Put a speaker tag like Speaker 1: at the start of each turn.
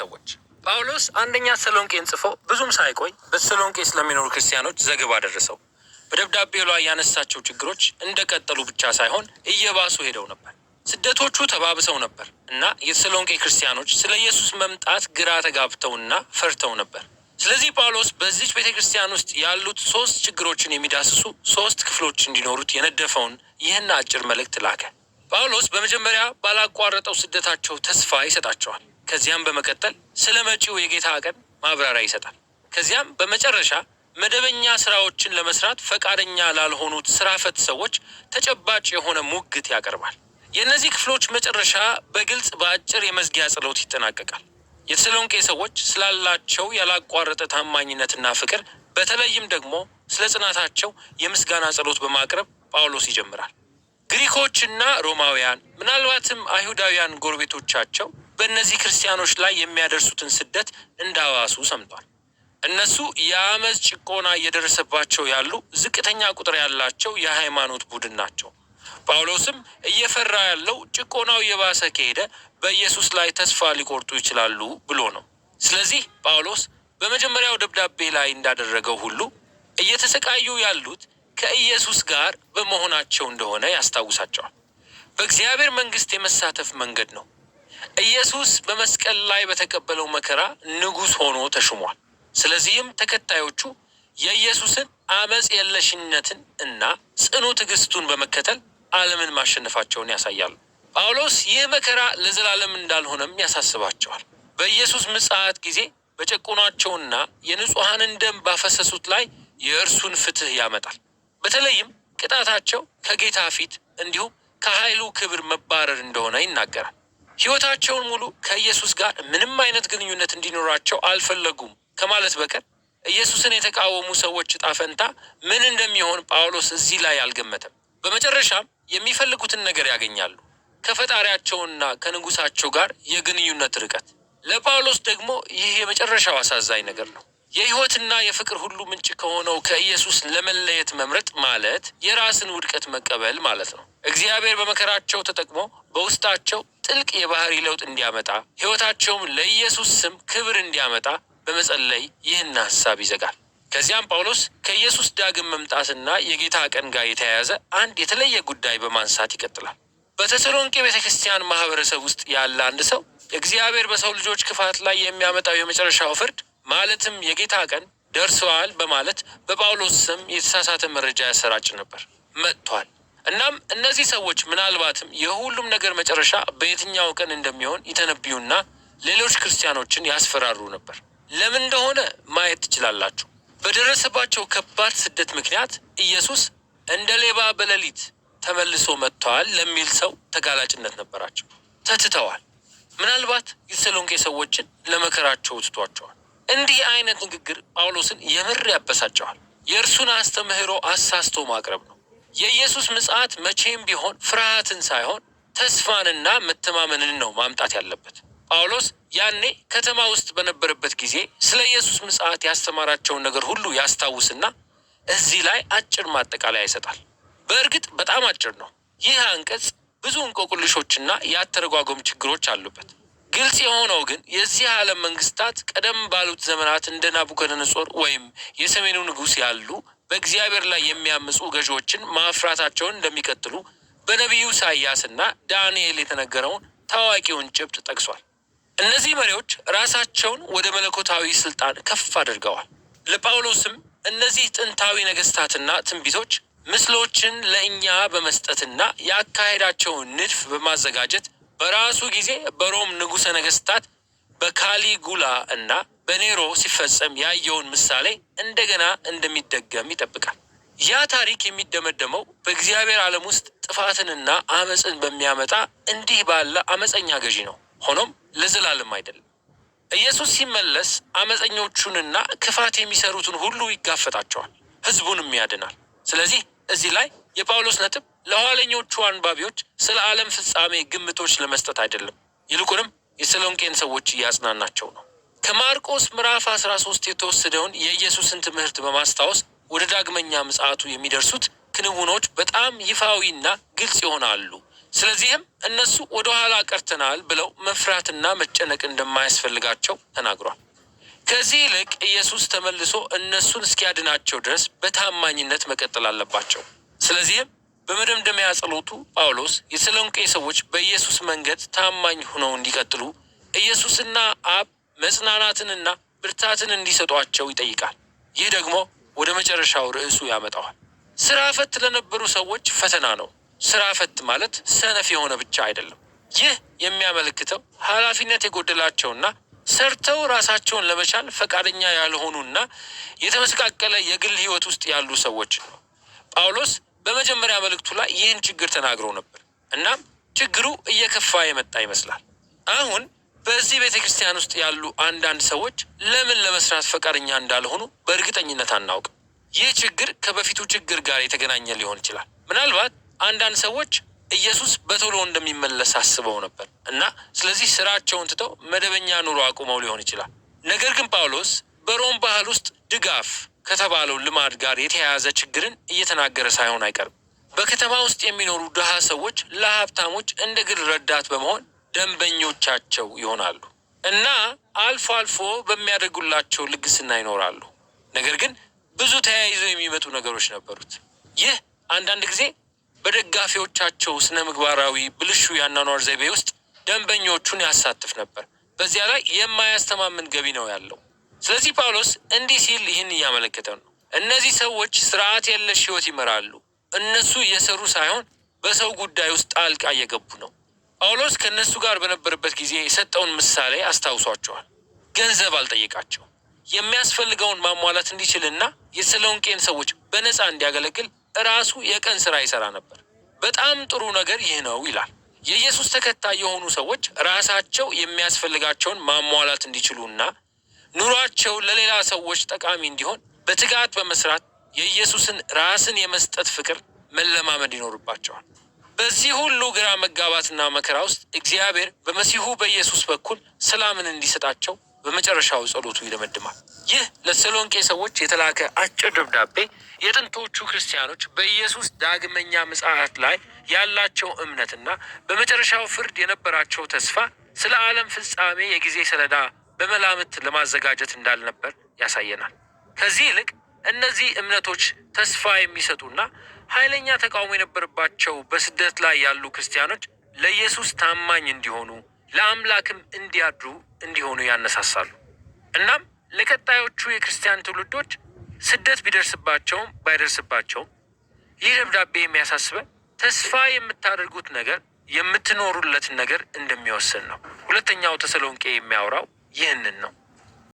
Speaker 1: ሰዎች ጳውሎስ አንደኛ ተሰሎንቄን ጽፎ ብዙም ሳይቆይ በተሰሎንቄ ስለሚኖሩ ክርስቲያኖች ዘገባ ደረሰው። በደብዳቤው ላይ ያነሳቸው ችግሮች እንደቀጠሉ ብቻ ሳይሆን እየባሱ ሄደው ነበር። ስደቶቹ ተባብሰው ነበር እና የተሰሎንቄ ክርስቲያኖች ስለ ኢየሱስ መምጣት ግራ ተጋብተውና ፈርተው ነበር። ስለዚህ ጳውሎስ በዚች ቤተ ክርስቲያን ውስጥ ያሉት ሶስት ችግሮችን የሚዳስሱ ሶስት ክፍሎች እንዲኖሩት የነደፈውን ይህን አጭር መልእክት ላከ። ጳውሎስ በመጀመሪያ ባላቋረጠው ስደታቸው ተስፋ ይሰጣቸዋል። ከዚያም በመቀጠል ስለ መጪው የጌታ ቀን ማብራሪያ ይሰጣል። ከዚያም በመጨረሻ መደበኛ ስራዎችን ለመስራት ፈቃደኛ ላልሆኑት ስራ ፈት ሰዎች ተጨባጭ የሆነ ሙግት ያቀርባል። የእነዚህ ክፍሎች መጨረሻ በግልጽ በአጭር የመዝጊያ ጸሎት ይጠናቀቃል። የተሰሎንቄ ሰዎች ስላላቸው ያላቋረጠ ታማኝነትና ፍቅር በተለይም ደግሞ ስለ ጽናታቸው የምስጋና ጸሎት በማቅረብ ጳውሎስ ይጀምራል። ግሪኮችና ሮማውያን ምናልባትም አይሁዳውያን ጎረቤቶቻቸው በእነዚህ ክርስቲያኖች ላይ የሚያደርሱትን ስደት እንዳዋሱ ሰምቷል። እነሱ የአመፅ ጭቆና እየደረሰባቸው ያሉ ዝቅተኛ ቁጥር ያላቸው የሃይማኖት ቡድን ናቸው። ጳውሎስም እየፈራ ያለው ጭቆናው እየባሰ ከሄደ በኢየሱስ ላይ ተስፋ ሊቆርጡ ይችላሉ ብሎ ነው። ስለዚህ ጳውሎስ በመጀመሪያው ደብዳቤ ላይ እንዳደረገው ሁሉ እየተሰቃዩ ያሉት ከኢየሱስ ጋር በመሆናቸው እንደሆነ ያስታውሳቸዋል። በእግዚአብሔር መንግስት የመሳተፍ መንገድ ነው። ኢየሱስ በመስቀል ላይ በተቀበለው መከራ ንጉሥ ሆኖ ተሹሟል። ስለዚህም ተከታዮቹ የኢየሱስን አመፅ የለሽነትን እና ጽኑ ትዕግስቱን በመከተል ዓለምን ማሸነፋቸውን ያሳያሉ። ጳውሎስ ይህ መከራ ለዘላለም እንዳልሆነም ያሳስባቸዋል። በኢየሱስ ምጽአት ጊዜ በጨቆኗቸውና የንጹሐንን ደም ባፈሰሱት ላይ የእርሱን ፍትህ ያመጣል። በተለይም ቅጣታቸው ከጌታ ፊት እንዲሁም ከኃይሉ ክብር መባረር እንደሆነ ይናገራል። ህይወታቸውን ሙሉ ከኢየሱስ ጋር ምንም አይነት ግንኙነት እንዲኖራቸው አልፈለጉም ከማለት በቀር ኢየሱስን የተቃወሙ ሰዎች ጣፈንታ ፈንታ ምን እንደሚሆን ጳውሎስ እዚህ ላይ አልገመተም። በመጨረሻም የሚፈልጉትን ነገር ያገኛሉ፣ ከፈጣሪያቸውና ከንጉሳቸው ጋር የግንኙነት ርቀት። ለጳውሎስ ደግሞ ይህ የመጨረሻው አሳዛኝ ነገር ነው። የህይወትና የፍቅር ሁሉ ምንጭ ከሆነው ከኢየሱስ ለመለየት መምረጥ ማለት የራስን ውድቀት መቀበል ማለት ነው። እግዚአብሔር በመከራቸው ተጠቅሞ በውስጣቸው ጥልቅ የባህሪ ለውጥ እንዲያመጣ ሕይወታቸውም ለኢየሱስ ስም ክብር እንዲያመጣ በመጸለይ ይህን ሐሳብ ይዘጋል። ከዚያም ጳውሎስ ከኢየሱስ ዳግም መምጣትና የጌታ ቀን ጋር የተያያዘ አንድ የተለየ ጉዳይ በማንሳት ይቀጥላል። በተሰሎንቄ ቤተ ክርስቲያን ማህበረሰብ ውስጥ ያለ አንድ ሰው እግዚአብሔር በሰው ልጆች ክፋት ላይ የሚያመጣው የመጨረሻው ፍርድ ማለትም የጌታ ቀን ደርሰዋል በማለት በጳውሎስ ስም የተሳሳተ መረጃ ያሰራጭ ነበር። መጥቷል እናም እነዚህ ሰዎች ምናልባትም የሁሉም ነገር መጨረሻ በየትኛው ቀን እንደሚሆን ይተነብዩና ሌሎች ክርስቲያኖችን ያስፈራሩ ነበር። ለምን እንደሆነ ማየት ትችላላችሁ። በደረሰባቸው ከባድ ስደት ምክንያት ኢየሱስ እንደ ሌባ በሌሊት ተመልሶ መጥተዋል ለሚል ሰው ተጋላጭነት ነበራቸው። ተትተዋል። ምናልባት የተሰሎንቄ ሰዎችን ለመከራቸው ትቷቸዋል። እንዲህ አይነት ንግግር ጳውሎስን የምር ያበሳጨዋል። የእርሱን አስተምህሮ አሳስቶ ማቅረብ ነው። የኢየሱስ ምጽአት መቼም ቢሆን ፍርሃትን ሳይሆን ተስፋንና መተማመንን ነው ማምጣት ያለበት። ጳውሎስ ያኔ ከተማ ውስጥ በነበረበት ጊዜ ስለ ኢየሱስ ምጽአት ያስተማራቸውን ነገር ሁሉ ያስታውስና እዚህ ላይ አጭር ማጠቃለያ ይሰጣል። በእርግጥ በጣም አጭር ነው። ይህ አንቀጽ ብዙ እንቆቅልሾችና የአተረጓጎም ችግሮች አሉበት። ግልጽ የሆነው ግን የዚህ ዓለም መንግስታት ቀደም ባሉት ዘመናት እንደ ናቡከደነጾር ወይም የሰሜኑ ንጉሥ ያሉ በእግዚአብሔር ላይ የሚያምፁ ገዢዎችን ማፍራታቸውን እንደሚቀጥሉ በነቢዩ ኢሳያስና ዳንኤል የተነገረውን ታዋቂውን ጭብጥ ጠቅሷል። እነዚህ መሪዎች ራሳቸውን ወደ መለኮታዊ ስልጣን ከፍ አድርገዋል። ለጳውሎስም እነዚህ ጥንታዊ ነገስታትና ትንቢቶች ምስሎችን ለእኛ በመስጠትና የአካሄዳቸውን ንድፍ በማዘጋጀት በራሱ ጊዜ በሮም ንጉሠ ነገስታት በካሊጉላ እና በኔሮ ሲፈጸም ያየውን ምሳሌ እንደገና እንደሚደገም ይጠብቃል። ያ ታሪክ የሚደመደመው በእግዚአብሔር ዓለም ውስጥ ጥፋትንና አመፅን በሚያመጣ እንዲህ ባለ አመፀኛ ገዢ ነው። ሆኖም ለዘላለም አይደለም። ኢየሱስ ሲመለስ አመፀኞቹንና ክፋት የሚሰሩትን ሁሉ ይጋፈጣቸዋል፣ ህዝቡንም ያድናል። ስለዚህ እዚህ ላይ የጳውሎስ ነጥብ ለኋለኞቹ አንባቢዎች ስለ ዓለም ፍጻሜ ግምቶች ለመስጠት አይደለም፣ ይልቁንም የሰሎንቄን ሰዎች እያጽናናቸው ነው። ከማርቆስ ምዕራፍ 13 የተወሰደውን የኢየሱስን ትምህርት በማስታወስ ወደ ዳግመኛ ምጽአቱ የሚደርሱት ክንውኖች በጣም ይፋዊና ግልጽ ይሆናሉ። ስለዚህም እነሱ ወደ ኋላ ቀርተናል ብለው መፍራትና መጨነቅ እንደማያስፈልጋቸው ተናግሯል። ከዚህ ይልቅ ኢየሱስ ተመልሶ እነሱን እስኪያድናቸው ድረስ በታማኝነት መቀጠል አለባቸው። ስለዚህም በመደምደሚያ ጸሎቱ ጳውሎስ የሰሎንቄ ሰዎች በኢየሱስ መንገድ ታማኝ ሆነው እንዲቀጥሉ ኢየሱስና አብ መጽናናትንና ብርታትን እንዲሰጧቸው ይጠይቃል። ይህ ደግሞ ወደ መጨረሻው ርዕሱ ያመጣዋል። ስራ ፈት ለነበሩ ሰዎች ፈተና ነው። ስራ ፈት ማለት ሰነፍ የሆነ ብቻ አይደለም። ይህ የሚያመለክተው ኃላፊነት የጎደላቸውና ሰርተው ራሳቸውን ለመቻል ፈቃደኛ ያልሆኑና የተመሰቃቀለ የግል ህይወት ውስጥ ያሉ ሰዎች ነው። ጳውሎስ በመጀመሪያ መልእክቱ ላይ ይህን ችግር ተናግረው ነበር። እናም ችግሩ እየከፋ የመጣ ይመስላል። አሁን በዚህ ቤተ ክርስቲያን ውስጥ ያሉ አንዳንድ ሰዎች ለምን ለመስራት ፈቃደኛ እንዳልሆኑ በእርግጠኝነት አናውቅም። ይህ ችግር ከበፊቱ ችግር ጋር የተገናኘ ሊሆን ይችላል። ምናልባት አንዳንድ ሰዎች ኢየሱስ በቶሎ እንደሚመለስ አስበው ነበር እና ስለዚህ ስራቸውን ትተው መደበኛ ኑሮ አቁመው ሊሆን ይችላል። ነገር ግን ጳውሎስ በሮም ባህል ውስጥ ድጋፍ ከተባለው ልማድ ጋር የተያያዘ ችግርን እየተናገረ ሳይሆን አይቀርም። በከተማ ውስጥ የሚኖሩ ድሃ ሰዎች ለሀብታሞች እንደ ግል ረዳት በመሆን ደንበኞቻቸው ይሆናሉ እና አልፎ አልፎ በሚያደርጉላቸው ልግስና ይኖራሉ። ነገር ግን ብዙ ተያይዞ የሚመጡ ነገሮች ነበሩት። ይህ አንዳንድ ጊዜ በደጋፊዎቻቸው ስነ ምግባራዊ ብልሹ የአኗኗር ዘይቤ ውስጥ ደንበኞቹን ያሳትፍ ነበር። በዚያ ላይ የማያስተማምን ገቢ ነው ያለው። ስለዚህ ጳውሎስ እንዲህ ሲል ይህን እያመለከተ ነው። እነዚህ ሰዎች ስርዓት የለሽ ህይወት ይመራሉ። እነሱ እየሰሩ ሳይሆን በሰው ጉዳይ ውስጥ ጣልቃ እየገቡ ነው። ጳውሎስ ከእነሱ ጋር በነበረበት ጊዜ የሰጠውን ምሳሌ አስታውሷቸዋል። ገንዘብ አልጠየቃቸው። የሚያስፈልገውን ማሟላት እንዲችልና የተሰሎንቄን ሰዎች በነፃ እንዲያገለግል ራሱ የቀን ስራ ይሰራ ነበር። በጣም ጥሩ ነገር ይህ ነው ይላል። የኢየሱስ ተከታይ የሆኑ ሰዎች ራሳቸው የሚያስፈልጋቸውን ማሟላት እንዲችሉና ኑሯቸው ለሌላ ሰዎች ጠቃሚ እንዲሆን በትጋት በመስራት የኢየሱስን ራስን የመስጠት ፍቅር መለማመድ ይኖርባቸዋል። በዚህ ሁሉ ግራ መጋባትና መከራ ውስጥ እግዚአብሔር በመሲሁ በኢየሱስ በኩል ሰላምን እንዲሰጣቸው በመጨረሻው ጸሎቱ ይደመድማል። ይህ ለሰሎንቄ ሰዎች የተላከ አጭር ደብዳቤ የጥንቶቹ ክርስቲያኖች በኢየሱስ ዳግመኛ ምጽአት ላይ ያላቸው እምነትና በመጨረሻው ፍርድ የነበራቸው ተስፋ ስለ ዓለም ፍጻሜ የጊዜ ሰሌዳ በመላምት ለማዘጋጀት እንዳልነበር ያሳየናል። ከዚህ ይልቅ እነዚህ እምነቶች ተስፋ የሚሰጡና ኃይለኛ ተቃውሞ የነበረባቸው በስደት ላይ ያሉ ክርስቲያኖች ለኢየሱስ ታማኝ እንዲሆኑ ለአምላክም እንዲያድሩ እንዲሆኑ ያነሳሳሉ። እናም ለቀጣዮቹ የክርስቲያን ትውልዶች ስደት ቢደርስባቸውም ባይደርስባቸውም ይህ ደብዳቤ የሚያሳስበን ተስፋ የምታደርጉት ነገር የምትኖሩለትን ነገር እንደሚወስን ነው። ሁለተኛው ተሰሎንቄ የሚያወራው ይህንን ነው።